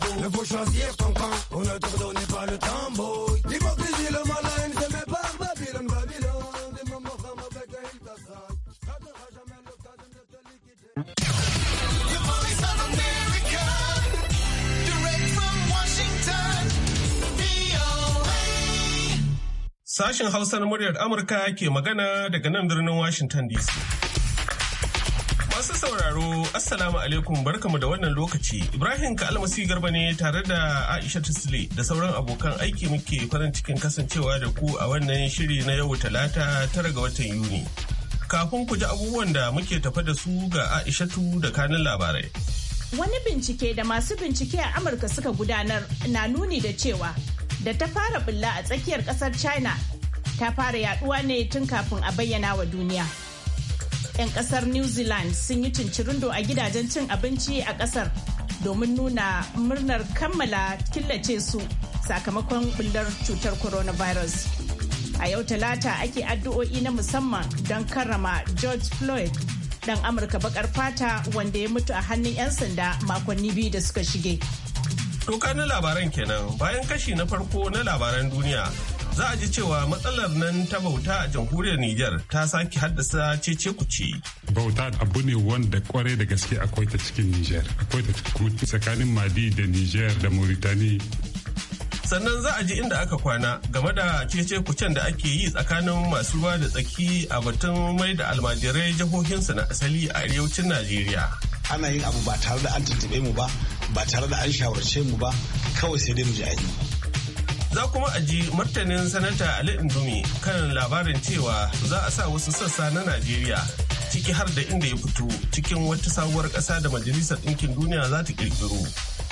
bandeau. Ne faut choisir ton camp, on ne te redonnait pas le tambour. L'hypocrisie, le malin, la haine, pas Babylone, Babylone. Des moments femmes avec la île d'Assad. Je raterai jamais l'occasion de te liquider. The voice of Sashen Hausa na muryar Amurka ke magana daga nan birnin Washington DC. sauraro Assalamu alaikum barkamu da wannan lokaci. Ibrahim ka Kalmasi Garba ne tare da Aisha Tisle da sauran abokan aiki muke farin cikin kasancewa da ku a wannan shiri na yau talata tara ga watan Yuni. Kafin ku ji abubuwan da muke tafa da su ga Aishatu da kanin labarai. Wani bincike da masu bincike a Amurka suka gudanar na nuni da cewa da ta fara bulla a tsakiyar kasar China ta fara yaduwa ne tun kafin a bayyana wa duniya. 'yan kasar new zealand sun yi cincirindo a gidajen cin abinci a kasar domin nuna murnar kammala killace su sakamakon bullar cutar coronavirus a yau talata ake addu'o'i na musamman don karrama george floyd dan amurka bakar fata wanda ya mutu a hannun 'yan sanda makonni biyu da suka shige. Toka na labaran kenan bayan kashi na farko na labaran duniya za a ji cewa matsalar nan ta bauta a jamhuriyar Nijar ta sake haddasa cece kuce. Bauta abu ne wanda kwarai da gaske akwai ta cikin Nijar, akwai ta tsakanin Mali da Nijar da Mauritani. Sannan za a ji inda aka kwana game da cece kucen da ake yi tsakanin masu ruwa da tsaki a batun mai da almajirai jihohinsu na asali a arewacin Najeriya. Ana yin abu ba tare da an tuntuɓe mu ba, ba tare da an shawarce mu ba, kawai sai dai mu ji Za kuma a ji martanin sanata Ali Indumi kan labarin cewa za a sa wasu sassa na Najeriya ciki har da inda ya fito cikin wata sabuwar ƙasa da Majalisar Ɗinkin Duniya za ta ƙirƙiro.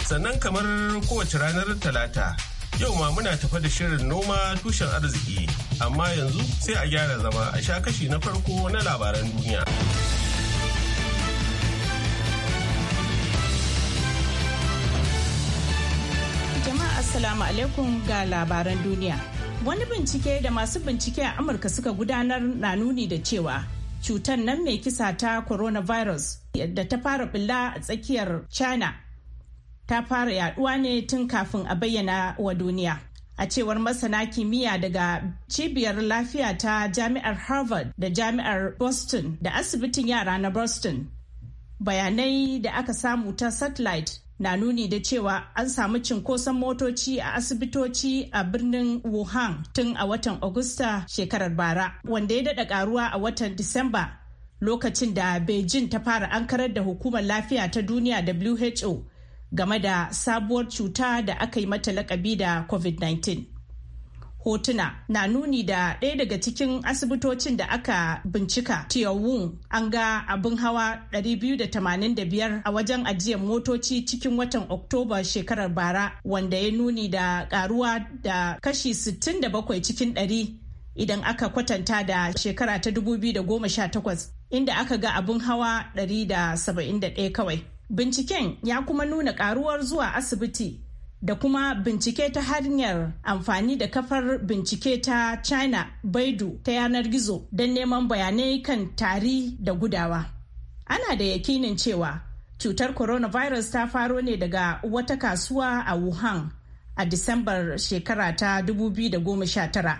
Sannan kamar kowace ranar Talata, yau ma muna tafa da shirin noma tushen arziki, amma yanzu sai a gyara zama a sha kashi na farko na labaran duniya. Assalamu alaikum ga labaran duniya. Wani bincike da masu bincike a Amurka suka gudanar na nuni da cewa cutar nan mai kisa ta coronavirus da ta fara bulla a tsakiyar China ta fara yaduwa ne tun kafin a bayyana wa duniya. A cewar masana kimiyya daga cibiyar lafiya ta jami'ar Harvard da jami'ar Boston da asibitin yara na Boston. Bayanai da aka samu ta satellite na nuni da cewa an samu cinkoson motoci a asibitoci a birnin Wuhan tun a watan Agusta shekarar bara, wanda ya daɗa ƙaruwa a watan Disamba lokacin da Beijing ta fara ankarar da hukumar lafiya ta duniya WHO game da sabuwar cuta da aka yi mata lakabi da COVID-19. hotuna na nuni da ɗaya daga cikin asibitocin da aka bincika Tiyawun an ga abin hawa 285 a wajen ajiyar motoci cikin watan Oktoba shekarar bara wanda ya nuni da karuwa da kashi 67 cikin 100 idan aka kwatanta da shekara ta 2018 inda aka ga abin hawa 171 kawai. Binciken ya kuma nuna karuwar zuwa asibiti da kuma bincike ta hanyar amfani da kafar bincike ta China Baidu ta yanar gizo don neman bayanai kan tari da gudawa. Ana da yakinin cewa cutar coronavirus ta faro ne daga wata kasuwa a Wuhan a Disambar shekara ta 2019.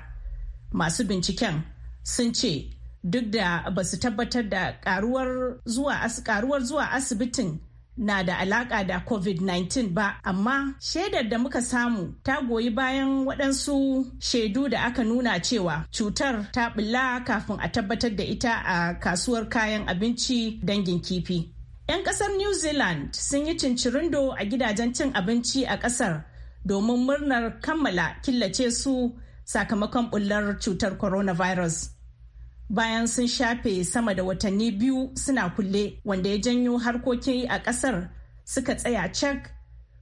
Masu binciken sun ce duk da ba su tabbatar da karuwar zuwa asibitin na da alaka da covid-19 ba amma shaidar da muka samu ta goyi bayan waɗansu shaidu da aka nuna cewa cutar ta ɓilla kafin a tabbatar da ita a kasuwar kayan abinci dangin kifi 'yan ƙasar new zealand sun yi cincirindo a gidajen cin abinci a ƙasar domin murnar kammala killace su sakamakon ɓullar cutar coronavirus. bayan sun shafe sama da watanni biyu suna kulle wanda ya janyo harkokin a kasar suka tsaya cek.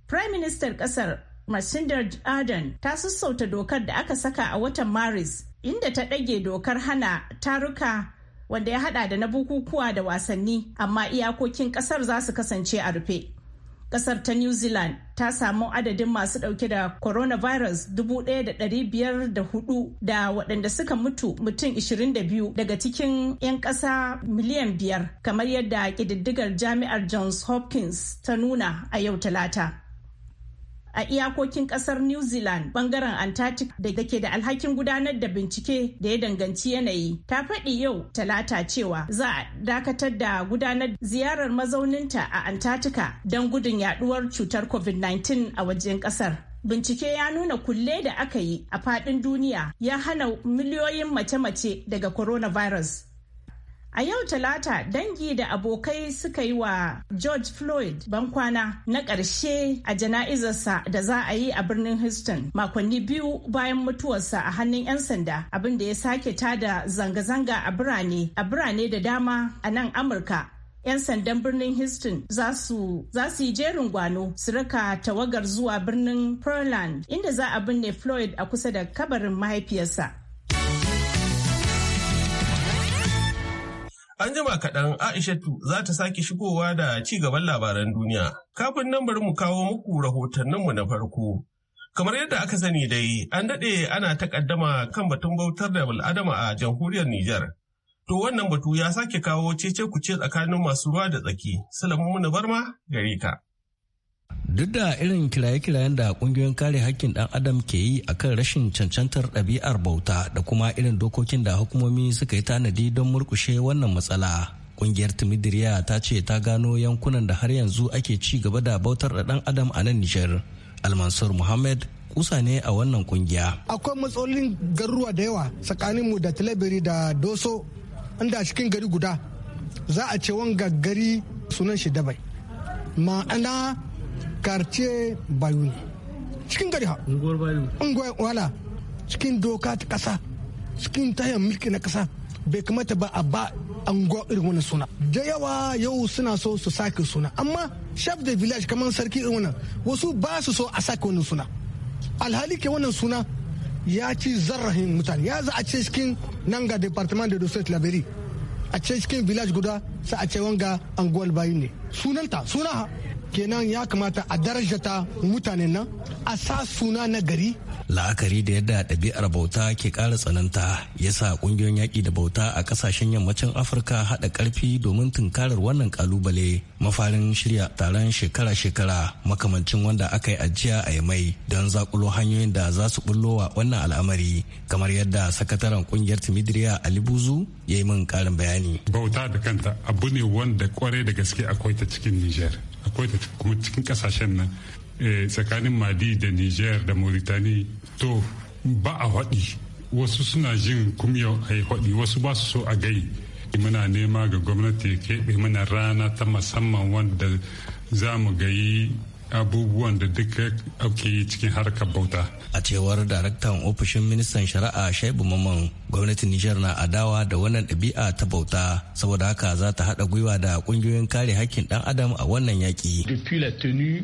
Prime Minister kasar Masindar Adan ta sassauta dokar da aka saka a watan Maris inda ta ɗage dokar hana taruka wanda ya hada da na bukukuwa da wasanni amma iyakokin kasar za su kasance a rufe. Kasar ta New Zealand ta samu adadin masu dauke da coronavirus 1,504 da waɗanda suka mutu mutum 22 daga cikin 'yan ƙasa miliyan biyar kamar yadda ƙididdigar jami'ar Johns Hopkins ta nuna a yau talata. a iyakokin kasar New Zealand bangaren Antarctic da ke da alhakin gudanar da bincike da ya danganci yanayi. Ta faɗi yau talata cewa za a dakatar da gudanar ziyarar mazauninta a Antarctica don gudun yaduwar cutar COVID-19 a wajen kasar. Bincike ya nuna kulle da aka yi a faɗin duniya ya hana miliyoyin mace-mace daga coronavirus. A yau Talata dangi da abokai suka yi wa George Floyd bankwana na ƙarshe a jana'izarsa da za a yi a birnin Houston makonni biyu bayan mutuwarsa a hannun 'yan sanda abin da ya sake tada zanga-zanga a birane a birane da dama a nan Amurka 'yan sandan birnin Houston za su yi jerin gwano su rika tawagar zuwa birnin Pearland inda za a binne Floyd a kusa da kabarin mahaifiyarsa. An jima kaɗan Aishatu za ta sake shigowa da ci gaban labaran duniya. Kafin nan bari mu kawo muku rahotanninmu na farko. Kamar yadda aka sani dai, an daɗe ana takaddama kan batun bautar da bal'adama a jamhuriyar Nijar. To wannan batu ya sake kawo cece kuce tsakanin masu ruwa da tsaki. Salamu na barma gare ka. Duk da irin kiraye-kirayen da kungiyoyin kare hakkin ɗan adam ke yi a kan rashin cancantar ɗabi'ar bauta da kuma irin dokokin da hukumomi suka yi tanadi don murkushe wannan matsala. Kungiyar Timidiriya ta ce ta gano yankunan da har yanzu ake ci gaba da bautar da ɗan adam a nan Nijar. Almansur Muhammad kusa ne a wannan kungiya. Akwai matsalolin garuruwa da yawa tsakanin mu da Talabiri da Doso inda cikin gari guda za a ce wanga gari sunan shi dabai. Ma'ana karce bayu cikin gari ha unguwar wala cikin doka ta kasa cikin tayan mulki na kasa bai kamata ba a ba anguwa irin wani suna da yawa yau suna so su sake suna amma chef de village kamar sarki irin wannan wasu ba su so a sake wannan suna alhali ke wannan suna ya ci zarrahin mutane ya za a ce cikin nan ga departement de dosset laberi a ce cikin village guda sai a ce wanga anguwar bayin ne sunanta suna kenan ya kamata a darajata mutanen nan a sa suna na gari la'akari da yadda ɗabi'ar bauta ke ƙara tsananta ya sa ƙungiyoyin yaƙi da bauta a ƙasashen yammacin afirka haɗa ƙarfi domin tunkarar wannan ƙalubale mafarin shirya taron shekara-shekara makamancin wanda aka yi ajiya a yamai don zaƙulo hanyoyin da za su wa wannan al'amari kamar yadda sakataren ƙungiyar timidiriya alibuzu ya yi min ƙarin bayani bauta da kanta abu ne wanda kwarai da gaske akwai ta cikin niger akwai da kuma cikin kasashen nan eh, tsakanin mali da niger da mauritani to ba a haɗi wasu suna jin kumya a yi haɗi wasu ba su so a gai muna nema ga gwamnati ya keɓe mana rana ta musamman wanda za mu gayi abubuwan da duka ake cikin harkar bauta. A cewar daraktan ofishin ministan shari'a Shaibu Maman gwamnatin Nijar na adawa da wannan ɗabi'a ta bauta saboda haka za ta haɗa gwiwa da ƙungiyoyin kare haƙƙin ɗan adam a wannan yaƙi. Depuis la tenue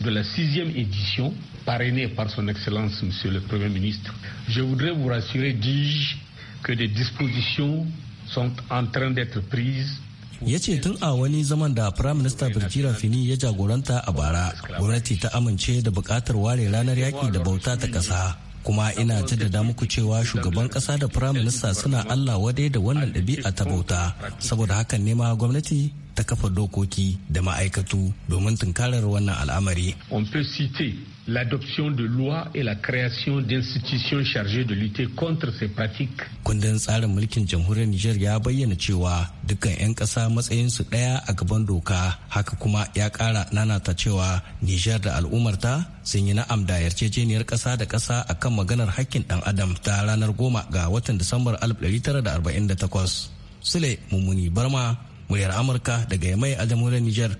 de la sixième édition, parrainée par son excellence Monsieur le Premier ministre, je voudrais vous rassurer, dis-je, que des dispositions sont en train d'être prises ya ce tun a wani zaman da Prime Minister Birgira Fini ya jagoranta a bara, gwamnati ta amince da bukatar ware ranar yaki da bauta ta ƙasa. kuma ina jaddada muku cewa shugaban kasa da firaminista suna Allah wadai da wannan ɗabi'a ta bauta saboda hakan ne ma gwamnati ta kafa dokoki da ma'aikatu domin tunkarar wannan al'amari. On peut citer l'adoption de loi et la création d'institutions chargées de lutter contre ces pratiques. Kundin tsarin mulkin jamhuriyar Nijar ya bayyana cewa dukkan 'yan ƙasa su ɗaya a gaban doka haka kuma ya ƙara nanata cewa Nijar da al'ummarta sun yi na'am da yarjejeniyar ƙasa da ƙasa akan maganar hakkin ɗan adam ta ranar goma ga watan Disambar 1948. Sule Mummuni Barma muryar amurka daga yamai a jamhuriyar niger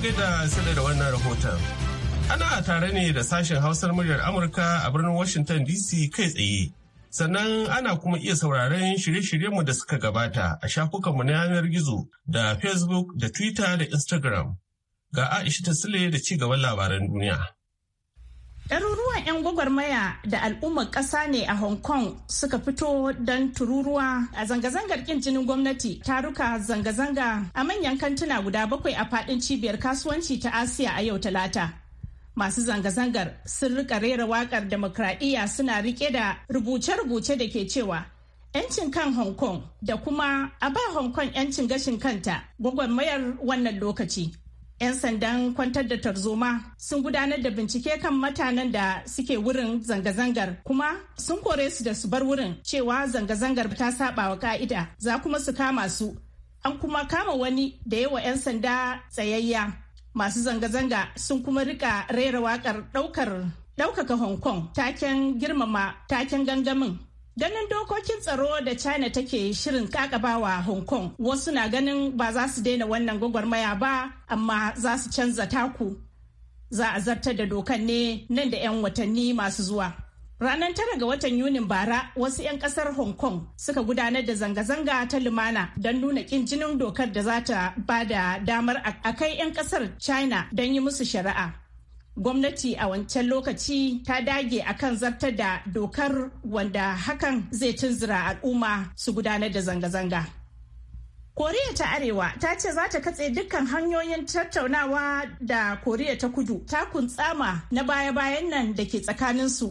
gaida sanar da wannan rahoton ana tare ne da sashen hausar muryar amurka a birnin washington dc kai tsaye sannan ana kuma iya sauraron shirye-shiryenmu da suka gabata a shafukan mu na yanar gizo da facebook da twitter da instagram ga aisha ta sile da ci gaban labaran duniya Ɗaruruwan 'yan gwagwarmaya da al'ummar ƙasa ne a Hong Kong suka fito don tururuwa a zanga-zangar ƙin jinin gwamnati taruka zanga-zanga a manyan kantuna guda bakwai a faɗin cibiyar kasuwanci ta Asiya a yau Talata. Masu zanga-zangar sun rika rera waƙar demokradiyya suna rike da rubuce-rubuce da ke cewa 'yancin kan Hong Kong da kuma a ba Hong Kong 'yancin gashin kanta gwagwarmayar wannan lokaci. 'yan sandan kwantar da tarzoma sun gudanar da bincike kan mutanen da suke wurin zanga-zangar kuma sun kore su da su bar wurin cewa zanga-zangar ta saba wa ka'ida za kuma su kama su an kuma kama wani da yawa 'yan sanda tsayayya masu zanga-zanga sun kuma rika rera wakar daukar daukaka hong kong taken girmama taken gangamin Ganin dokokin tsaro da China take shirin kakabawa Hong Kong wasu na ganin ba za su daina wannan gwagwarmaya ba amma za su canza taku. Za a zartar da dokan ne nan da 'yan watanni masu zuwa. Ranar tara ga watan Yunin bara wasu 'yan kasar Hong Kong suka gudanar da zanga-zanga ta lumana don nuna kin jinin dokar da za ta ba da damar a kai 'yan kasar China don yi musu shari'a. gwamnati a wancan lokaci ta dage akan zartar da dokar wanda hakan zai tunzura al'umma su gudanar da zanga-zanga koriya ta arewa ta ce za ta katse dukkan hanyoyin tattaunawa da koriya ta kudu ta tsama na baya-bayan nan da ke tsakaninsu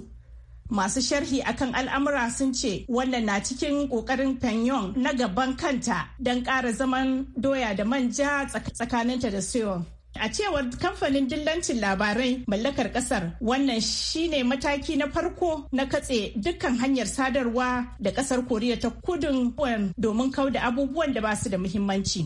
masu sharhi akan al'amura sun ce wannan na cikin kokarin Pyongyang na gaban kanta don ƙara zaman doya da manja tsakaninta da Seoul. A cewar kamfanin dillancin labarai mallakar kasar wannan shine mataki na farko na katse dukkan hanyar sadarwa da kasar Koriya ta kudin domin kauda abubuwan da basu da muhimmanci.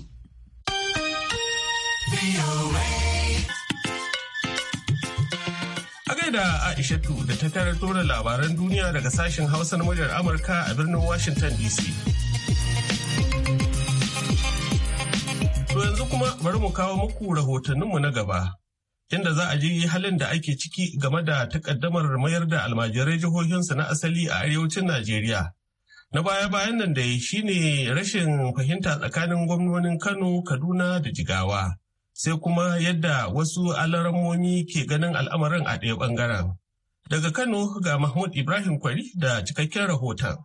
A Aishatu da ta karanto tura labaran duniya daga sashen Hausa na muryar Amurka a birnin Washington DC. kuma bari mu kawo muku rahotanninmu na gaba. Inda za a ji halin da ake ciki game da takaddamar mayar da almajirai jihohinsu na asali a arewacin Najeriya. Na baya-bayan nan da shi ne rashin fahimta tsakanin gwamnonin Kano, Kaduna da Jigawa. Sai kuma yadda wasu alaramomi ke ganin al'amarin a ɗaya ɓangaren. Daga Kano ga Mahmud Ibrahim Kwari da cikakken rahoton.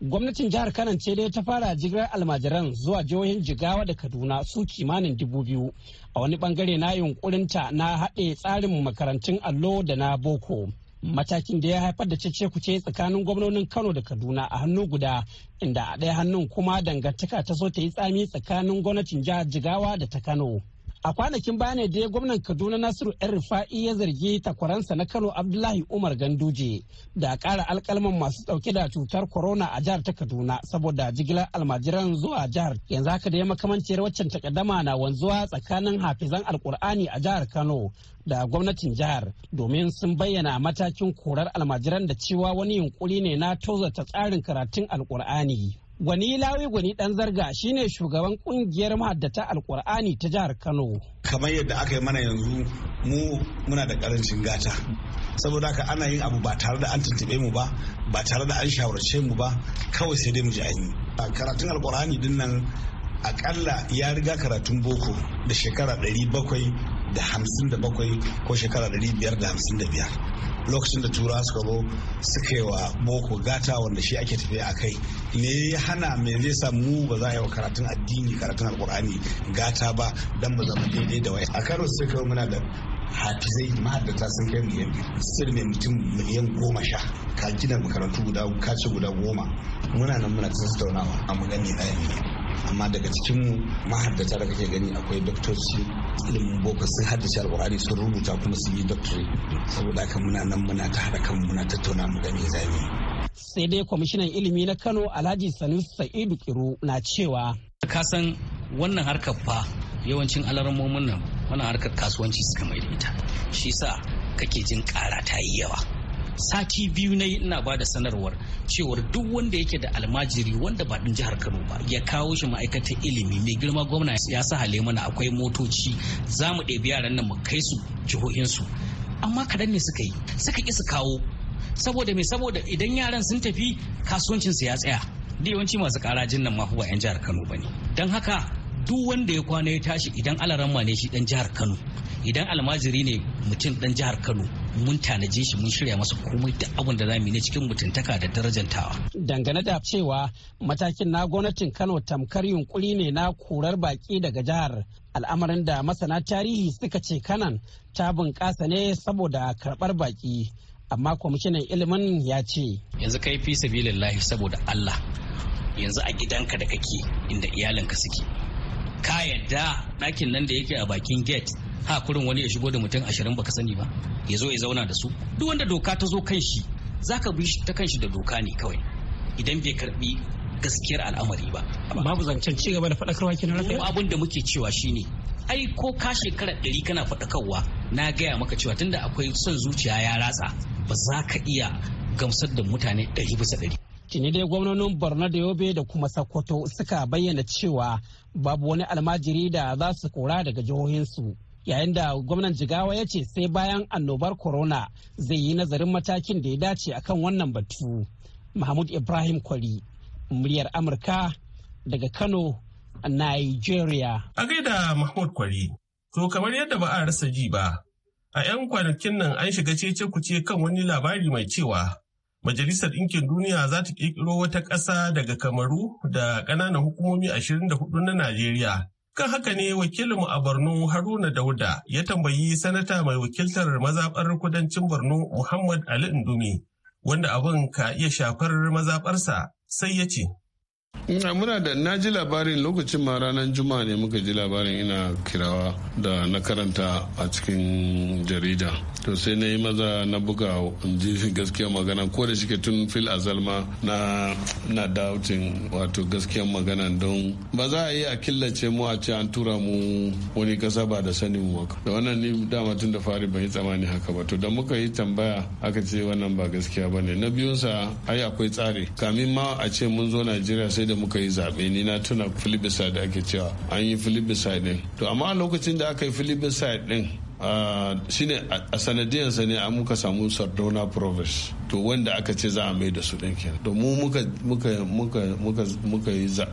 Gwamnatin jihar Kano ce dai ta fara jigirar almajiran zuwa jihohin Jigawa da Kaduna su kimanin dubu biyu a wani bangare na yunkurinta na haɗe tsarin makarantun allo da na boko. Matakin da ya haifar da cece ce tsakanin gwamnonin Kano da Kaduna a hannu guda inda a ɗaya hannun kuma dangantaka ta so ta yi tsami tsakanin gwamnatin jihar Jigawa da ta Kano. a kwanakin bane ne dai gwamnan kaduna nasiru yan rufa'i ya zargi takwaransa na kano abdullahi umar ganduje da kara alkalman masu ɗauke da cutar corona a jihar ta kaduna saboda jigilar almajiran zuwa jihar yanzu haka da dai makamanciyar waccan takaddama na wanzuwa tsakanin hafizan alkur'ani a jihar kano da gwamnatin jihar domin sun bayyana matakin korar almajiran da cewa wani yunkuri ne na tozarta tsarin karatun alkur'ani Gwani Lawi Gwani Dan Zarga shine shugaban ƙungiyar mahaddata Alkur'ani ta jihar Kano. Kamar yadda aka yi mana yanzu mu muna da karancin gata. Saboda haka ana yin abu ba tare da an tuntube mu ba, ba tare da an shawarce mu ba, kawai sai dai mu ji an yi. Karatun Alkur'ani din nan akalla ya riga karatun boko da shekara 757 ko shekara 555. lokacin da tura suka zo suka yi wa boko gata wanda shi ake tafiya a kai ne ya hana me zai sa mu ba za a yi wa karatun addini karatun alkur'ani gata ba dan ba zama daidai da wai a karo sai kawo muna da hafizai mahadata sun kai miliyan sir mai mutum miliyan goma sha ka gina makarantu guda guda goma muna nan muna tattaunawa a magani ɗaya amma daga cikin mahaddata da kake gani akwai doktoci ilimin boko sun haddace alkur'ani sun rubuta kuma sun yi doktori saboda haka muna nan muna ta haɗa kan muna tattauna mu ga zane. sai dai kwamishinan ilimi na kano alhaji sanusi sa'idu kiro na cewa ka san wannan harkar fa yawancin alarmomin nan wannan harkar kasuwanci suka mai da ita shi sa kake jin ƙara ta yi yawa sati biyu na ina ba da sanarwar cewar duk wanda yake da almajiri wanda ba ɗin jihar kano ba ya kawo shi ma'aikatar ilimi mai girma gwamna ya sa hale mana akwai motoci za mu ɗebi yaran nan mu kai su jihohinsu amma kaɗan ne suka yi suka ƙi su kawo saboda me saboda idan yaran sun tafi kasuwancinsu ya tsaya da yawanci masu ƙarajin nan mafi ba 'yan jihar kano ba ne don haka duk wanda ya kwana ya tashi idan alaramma ne shi ɗan jihar kano idan almajiri ne mutum ɗan jihar kano mun tanaje shi mun shirya masa komai da abin da zamu ne cikin mutuntaka da darajantawa dangane da cewa matakin na gwamnatin Kano tamkar yunkuri ne na kurar baki daga jihar al'amarin da masana tarihi suka ce kanan ta bunƙasa ne saboda karɓar baki amma kwamishinan ilimin ya ce yanzu kai fi sabilillahi saboda Allah yanzu a gidanka da kake inda iyalinka suke ka yadda ɗakin nan da yake a bakin gate ha kurin wani ya shigo da mutum ashirin baka sani ba ya zo ya zauna da su duk wanda doka ta zo kan shi ka bi ta kan shi da doka ne kawai idan bai karbi gaskiyar al'amari ba babu zancen ci gaba da faɗakarwa kina raka mu abin da muke cewa shine ai ko ka shekara ɗari kana faɗakarwa na gaya maka cewa tunda akwai son zuciya ya ratsa ba za ka iya gamsar da mutane ɗari bisa ɗari Tuni dai gwamnonin Borno da Yobe da kuma Sokoto suka bayyana cewa babu wani almajiri da za su kora daga jihohinsu. yayin da gwamnan jigawa ya ce sai bayan annobar corona zai yi nazarin matakin da ya dace akan wannan batu mahmud ibrahim kwari muryar amurka daga kano a nigeria a gaida mahmud kwari to kamar yadda ba a rasa ji ba a 'yan kwanakin nan an shiga cece kuce kan wani labari mai cewa Majalisar Ɗinkin Duniya za ta ƙirƙiro wata ƙasa daga Kamaru da ƙananan hukumomi 24 na Najeriya Kan haka ne wakilinmu a Borno Haruna Dauda ya tambayi sanata mai wakiltar mazaɓar kudancin Borno Muhammad Ali Indumi wanda abin ka iya shafar mazaɓarsa sai ya ce. muna da na ji labarin lokacin ma ranar juma'a ne muka ji labarin ina kirawa da na karanta a cikin jarida to sai na yi maza na buga in ji gaskiyar magana ko da shike tun fil azalma na na dautin wato gaskiyar magana don ba za a yi a killace mu a ce an tura mu wani kasa ba da sanin mu da wannan ni dama tun da fari ban yi tsammani haka ba to da muka yi tambaya aka ce wannan ba gaskiya ba ne na biyunsa ai akwai tsari kamin ma a ce mun zo najeriya sai da muka yi zaɓe ni na tuna filibisa da ake cewa an yi filibisa din to amma a lokacin da aka yi filibisa din shine a sa ne an muka samu sardona province to wanda aka ce za a mai da su ɗin kenan to mu muka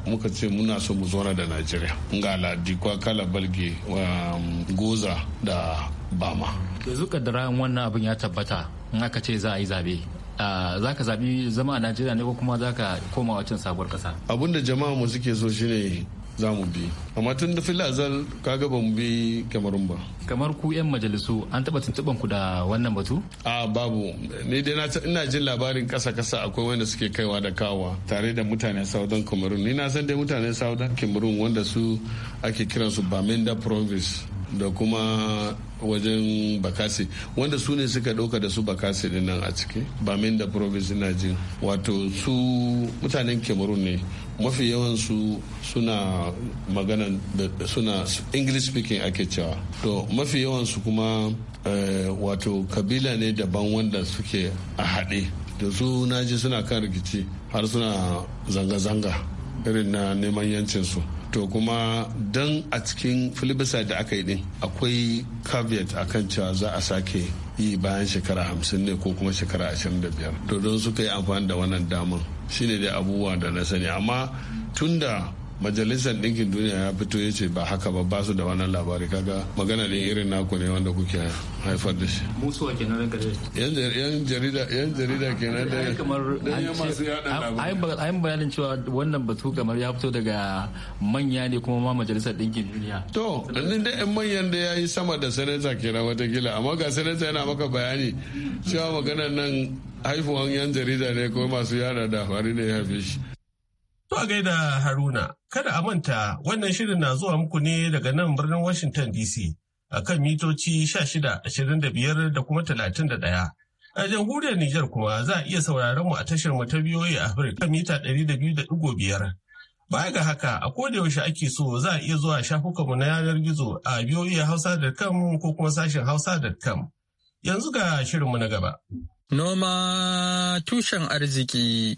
muka ce muna so mu zora da najeriya ga kwa kala balge um, goza da bama yanzu kaddara wannan abin ya tabbata in aka ce za a yi zabe Ah, za ka zaɓi zama a najeriya ne ko kuma za ka koma wacin sabuwar kasa. abin da jama'a mu suke so shine za mu bi amma tun da ka ga ba mu bi kamarun ba kamar ku yan majalisu an taɓa tuntuɓan ku da wannan batu a babu ni dai ina jin labarin kasa kasa akwai wanda suke kaiwa da kawa tare da mutane saudan kamarun ni na san dai mutane saudan kamarun wanda su ake kiransu su bamenda province da kuma wajen bakasi wanda su ne suka ɗauka da su bakasi din nan a ciki ba min da province na jin wato su mutanen cameroon ne mafi yawansu suna magana da suna english speaking ake cewa to mafi yawansu kuma eh, wato kabila ne daban wanda suke a haɗe da su naji suna kan rikici har suna zanga-zanga irin na neman yancinsu to kuma don a cikin filibisa da aka yi din akwai caveat akan cewa za a sake yi bayan shekara hamsin ne ko kuma shekara ashirin da biyar to don suka yi amfani da wannan daman shine da abubuwa da na sani amma tunda majalisar ɗinkin duniya ya fito ya ce ba haka ba ba su da wannan labari kaga magana ne irin naku ne wanda kuke haifar da shi yan jarida yan jarida kenan da ya masu bayanin cewa wannan batu kamar ya fito daga manya ne kuma ma majalisar ɗinkin duniya to ɗin da yan manyan da ya yi sama da sanata kenan watakila amma ga sanata yana maka bayani cewa maganar nan haifuwan yan jarida ne ko masu yada da fari ne ya fi shi To a gaida Haruna, kada a manta wannan shirin na zuwa muku ne daga nan birnin Washington DC a kan mitoci 16-25 da kuma 31. A jamhuriyar Nijar kuma za a iya sauraron mu a tashar mu ta biyoyi a Afirka kan mita 200.5. Baya ga haka a koda yaushe ake so za a iya zuwa shafukanmu na yanar gizo a biyoyi hausa.com ko kuma sashen hausa.com. Yanzu ga shirinmu na gaba. Noma tushen arziki.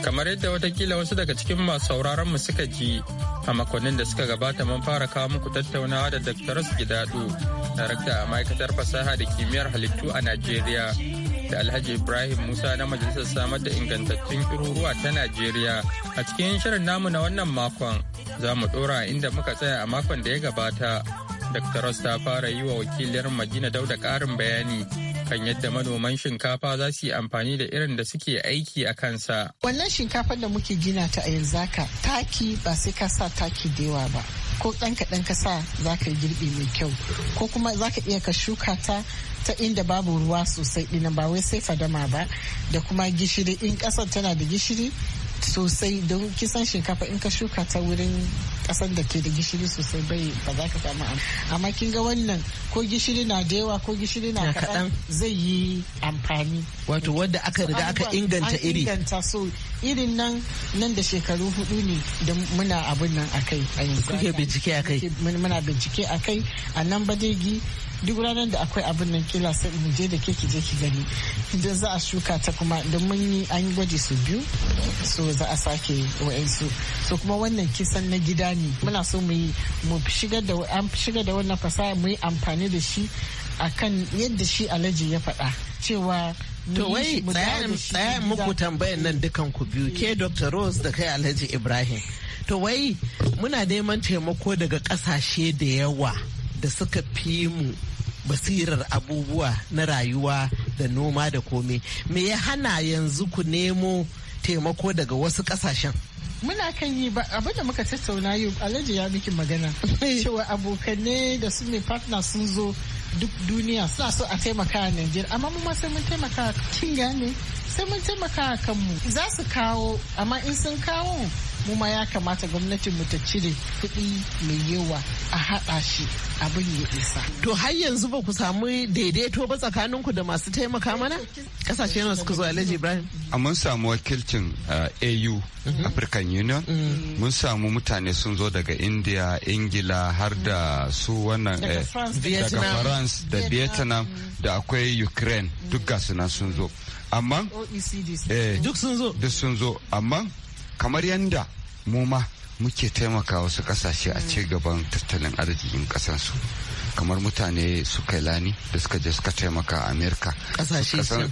kamar yadda watakila wasu daga cikin masu sauraron mu suka ji a makonnin da suka gabata mun fara kawo muku tattaunawa da dr gidado darakta a ma'aikatar fasaha da kimiyyar halittu a najeriya da alhaji ibrahim musa na majalisar samar da ingantattun kiruruwa ta najeriya a cikin shirin namu na wannan makon za mu dora inda muka tsaya a makon da ya gabata dr ta fara yi wa wakiliyar madina dauda ƙarin bayani kan yadda manoman shinkafa za su yi amfani da irin da suke aiki a kansa. Wannan shinkafar da muke gina ta a yanzu haka taki ba sai ka sa taki da yawa ba. Ko ɗan kaɗan ka sa za ka yi girbi mai kyau ko kuma za ka iya ka shuka ta ta inda babu ruwa sosai ɗinan ba wai sai fadama ba da kuma gishiri in ƙasar tana da gishiri sosai don kisan shinkafa in ka shuka ta wurin kasar da ke da gishiri sosai bai ba za ka samu amma kin ga wannan ko gishiri na da yawa ko gishiri na kaɗan zai yi amfani wato wadda aka riga aka inganta iri inganta so irin nan nan da shekaru hudu ne da muna abin nan akai a yanzu kuke bincike akai muna bincike akai a nan badegi duk ranar da akwai abin nan kila sai mu je da ke ki je ki gani idan za a shuka ta kuma idan mun yi an yi gwaji su biyu so za a sake wa'ansu so kuma wannan kisan na gida ne muna so mu yi mu shigar da wannan fasaha mu yi amfani da shi akan yadda shi alaji ya faɗa cewa To wai tsayayen muku tambayan nan dukan ku biyu ke Dr. Rose da kai Alhaji Ibrahim. To wai muna neman taimako daga kasashe da yawa. da suka fi mu basirar abubuwa na rayuwa da noma da komai me ya hana yanzu ku nemo taimako daga wasu kasashen muna kan yi ba abin da muka tattauna yau alhaji ya miki magana cewa abokane da su ne partner sun zo duk duniya suna so a taimaka a Najeriya amma mu ma sai mun taimaka Kinga ne sai mun taimaka kanmu za su kawo amma in sun kawo mu ma ya kamata gwamnatin mu ta cire kuɗi mai yawa a haɗa shi abin ya isa. To har yanzu ba ku samu daidaito ba tsakanin ku da masu taimaka mana? Kasashe nawa suka zo Alhaji Ibrahim? A mun samu wakilcin uh, AU mhm. African Union. Mhm. Mun samu mutane sun zo daga India, Ingila har da su wannan daga eh, France da Vietnam da akwai Ukraine duk gasu nan sun zo. Amma e eh, duk sun zo. Duk sun zo. Amma kamar yadda mu ma muke taimaka wasu kasashe a ci gaban tattalin arzikin kasansu kamar mutane su lani da suka je suka taimaka a amerika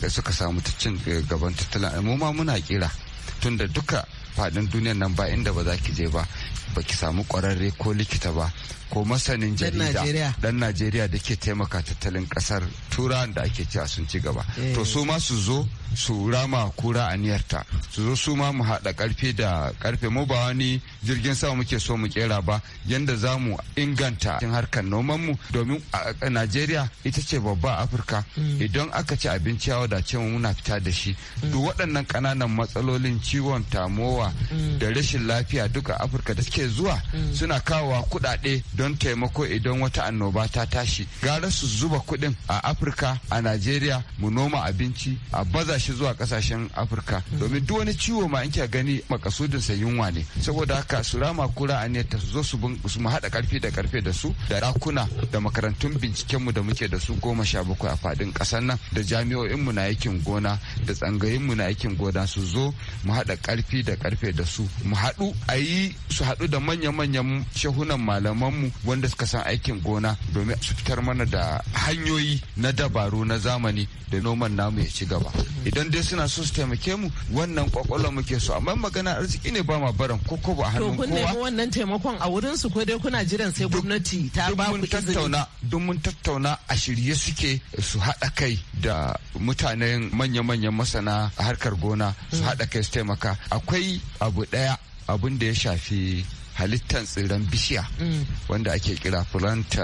suka samu cin gaban tattalin mu ma muna kira tunda duka fadin duniyan nan ba inda ba za ki je ba ba ki samu kwararre ko likita ba ko masanin jarida dan najeriya da ke taimaka tattalin kasar tura da ake cewa sun ci gaba eh. to su ma su zo su rama kura aniyarta su zo su ma mu haɗa karfe da karfe mu ba wani jirgin sama muke so mu kera ba yanda za mu inganta cikin harkar noman mu domin a najeriya ita ce babba afirka mm. idan aka ci abinci yawa wadace cewa muna fita da shi mm. duk waɗannan ƙananan matsalolin ciwon tamowa mm. da rashin lafiya duka afirka da suke zuwa suna kawo kuɗaɗe don taimako idan wata annoba ta tashi gara su zuba kuɗin a afirka a najeriya mu noma abinci a baza shi zuwa kasashen afirka domin duk wani ciwo ma in kya gani makasudin sa yunwa ne saboda haka su rama kura a ne ta zo su mu haɗa karfi da karfe da su da rakuna da makarantun bincikenmu da muke da su goma sha bakwai a faɗin ƙasar nan da jami'o'in mu na aikin gona da tsangayin na aikin gona su zo mu haɗa karfi da karfe da su mu haɗu a yi su haɗu da manya-manyan shahunan malaman mu wanda suka san aikin gona domin su fitar mana da hanyoyi na dabaru na zamani da noman namu ya ci gaba idan dai suna so su taimake mu wannan kwakwalwa muke so amma magana arziki ne ba ma baran ko ko ba hannun kowa to kun nemi wannan taimakon a wurin su ko dai kuna jiran sai gwamnati ta ba ku tattauna duk mun tattauna a shirye suke su haɗa kai da mutanen manya-manyan masana harkar gona su mm. haɗa kai su taimaka akwai abu ɗaya abin da ya shafi halittan tsiran bishiya mm. wanda ake kira plant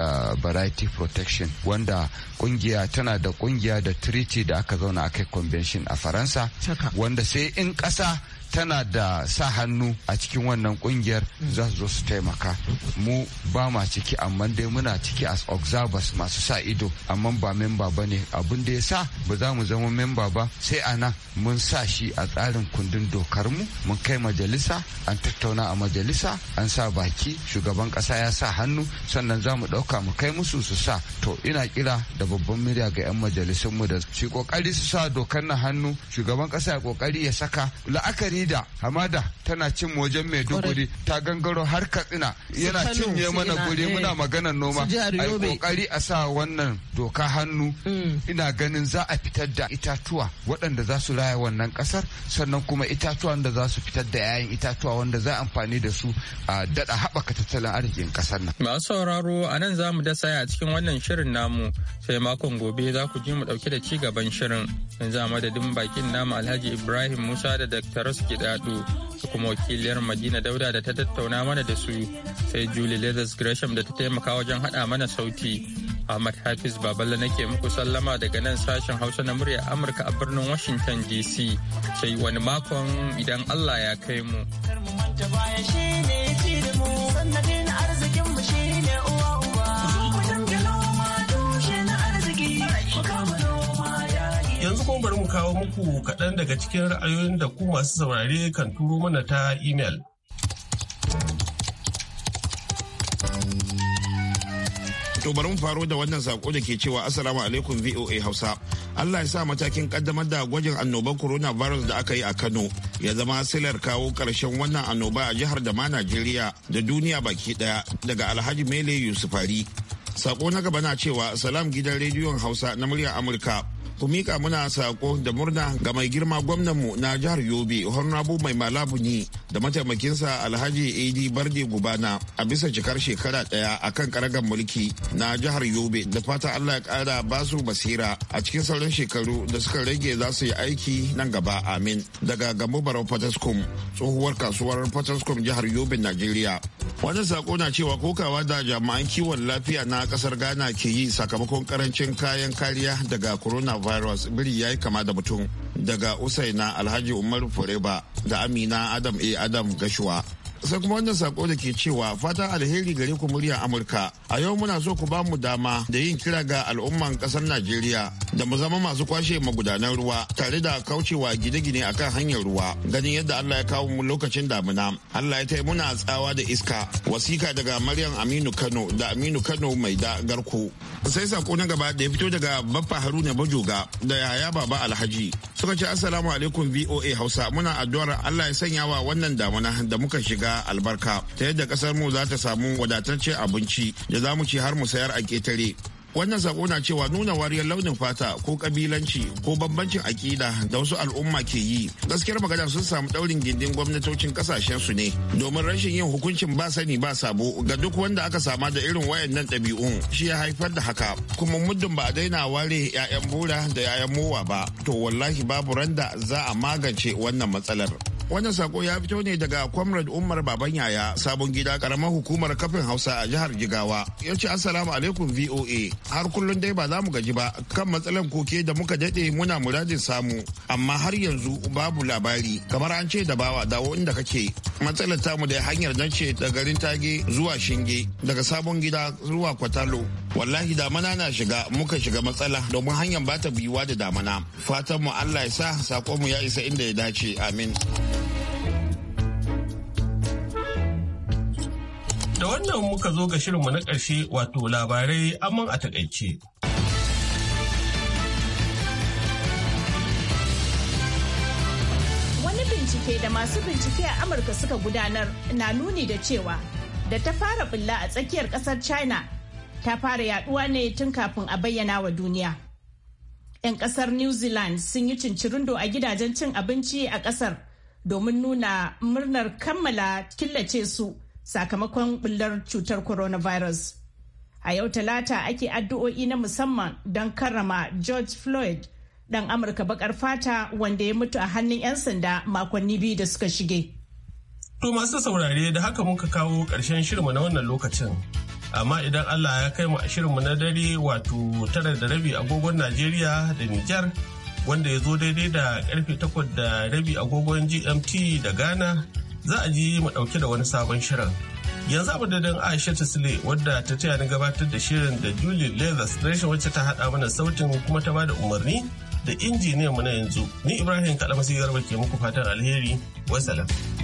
variety protection wanda kungiya tana da kungiya da treaty da aka zauna a kai convention a faransa wanda sai in kasa. tana da sa hannu a cikin wannan kungiyar mm. za su zo su taimaka mu ba ma ciki amma dai muna ciki as observers masu sa ido amma ba memba ba ne abin da ya sa ba za mu zama memba ba sai ana mun sa shi a tsarin kundin dokar mu mun kai majalisa an tattauna a majalisa an sa baki shugaban kasa ya sa hannu sannan za mu ɗauka mu kai musu su sa to ina kira da babban murya ga 'yan majalisun mu da su kokari su sa dokar na hannu shugaban kasa ya kokari ya saka la'akari gani hamada tana cin wajen maiduguri ta gangaro har katsina yana cinye mana guri muna eh. maganar noma a yi kokari a sa wannan doka hannu hmm. ina ganin za a fitar da itatuwa waɗanda za su raya wannan ƙasar sannan kuma itatuwan da za su fitar da 'ya'yan itatuwa wanda za amfani da su a daɗa haɓaka tattalin arzikin ƙasar nan. masu sauraro a nan za mu dasa a cikin wannan shirin namu sai makon gobe za ku ji mu ɗauki da ci gaban shirin yanzu a madadin bakin namu alhaji ibrahim musa da dr Gidado da kuma wakiliyar Madina Dauda da ta tattauna mana da su sai Julie Leathers Gresham da ta taimaka wajen haɗa mana sauti. Ahmad Hafiz Baballa nake muku sallama daga nan sashen Hausa na murya Amurka a birnin Washington DC sai wani makon idan Allah ya kai mu. kawo muku kaɗan daga cikin ra'ayoyin da ku masu saurare kan turo mana ta imel. To bari mu faro da wannan sako da ke cewa Assalamu alaikum VOA Hausa. Allah ya sa matakin kaddamar da gwajin annobar coronavirus da aka yi a Kano ya zama silar kawo karshen wannan annoba a jihar da ma Najeriya da duniya baki ɗaya daga Alhaji Mele Yusufari. Sako na gaba na cewa salam gidan rediyon Hausa na muryar Amurka. ku mika muna sako da murna ga mai girma gwamnanmu na jihar yobe honorable mai malabuni da mataimakinsa alhaji ad barde gubana a bisa cikar shekara daya a kan karagar mulki na jihar yobe da fata allah ya kara basu basira a cikin sauran shekaru da suka rage za su yi aiki nan gaba amin daga gambo barau fataskum tsohuwar kasuwar fataskum jihar yobe najeriya wani sako na cewa kokawa da jami'an kiwon lafiya na kasar ghana ke yi sakamakon karancin kayan kariya daga corona coronavirus biri ya yi kama da mutum daga usaina alhaji umar fureba da amina adam a adam gashuwa sai kuma wannan sako da ke cewa fatan alheri gare ku murya amurka a yau muna so ku ba mu dama da yin kira ga al'umman kasar najeriya da mu zama masu kwashe magudanan ruwa tare da kaucewa gine-gine a kan hanyar ruwa ganin yadda allah ya kawo mu lokacin damina allah ya muna tsawa da iska wasika daga maryam aminu kano da aminu kano mai da garko sai sako na gaba da ya fito daga baffa haruna bajoga da yaya baba alhaji suka ce assalamu alaikum voa hausa muna addu'ar allah ya sanya wa wannan damina da muka shiga shiga albarka ta yadda kasar mu za ta samu wadatacce abinci da za mu ci har mu sayar a ketare wannan sako na cewa nuna wariyar launin fata ko kabilanci ko bambancin akida da wasu al'umma ke yi gaskiyar magana sun samu daurin gindin gwamnatocin kasashen su ne domin rashin yin hukuncin ba sani ba sabo ga duk wanda aka sama da irin wayannan ɗabi'un shi ya haifar da haka kuma muddin ba a daina ware 'ya'yan bura da 'ya'yan mowa ba to wallahi babu randa za a magance wannan matsalar Wannan sako ya fito ne daga Comrade Umar Baban Yaya sabon gida karamar hukumar kafin Hausa a jihar Jigawa. Ya ce Assalamu alaikum VOA. Har kullum dai ba za mu gaji ba kan matsalan koke da muka daɗe muna muradin samu amma har yanzu babu labari kamar an ce da bawa dawo inda kake. Matsalar tamu da hanyar nan ce da garin Tage zuwa Shinge daga sabon gida zuwa Kwatalo. Wallahi damana na shiga muka shiga matsala domin hanyar ba ta biyuwa da damana. Fatan mu Allah ya sa sako ya isa inda ya dace. Amin. da wannan muka zo ga shirinmu na ƙarshe wato labarai amman a takaice. Wani bincike da masu bincike a Amurka suka gudanar na nuni da cewa da ta fara bulla a tsakiyar ƙasar China ta fara yaduwa ne tun kafin a bayyana wa duniya. 'Yan ƙasar New Zealand sun yi cincirindo a gidajen cin abinci a ƙasar domin nuna murnar kammala killace su. sakamakon bullar cutar coronavirus. A yau talata ake addu'o'i na musamman don karrama George Floyd ɗan Amurka bakar fata wanda ya mutu a hannun 'yan sanda makonni biyu da suka shige. To masu saurare da haka muka kawo ƙarshen shirinmu na wannan lokacin. Amma idan Allah ya kai mu a shirinmu na dare wato tara da rabi agogon Najeriya da Nijar wanda ya zo daidai da karfe takwas da rabi agogon GMT da Ghana za a ji mu ɗauke da wani sabon shirin. Yanzu da don Aisha Sule wadda ta taya ni gabatar da shirin da Julie Leathers rashin wacce ta haɗa mana sautin kuma ta bada umarni da injiniyan mu na yanzu. Ni Ibrahim Kalamasi Garba ke muku fatan alheri. Wasalam.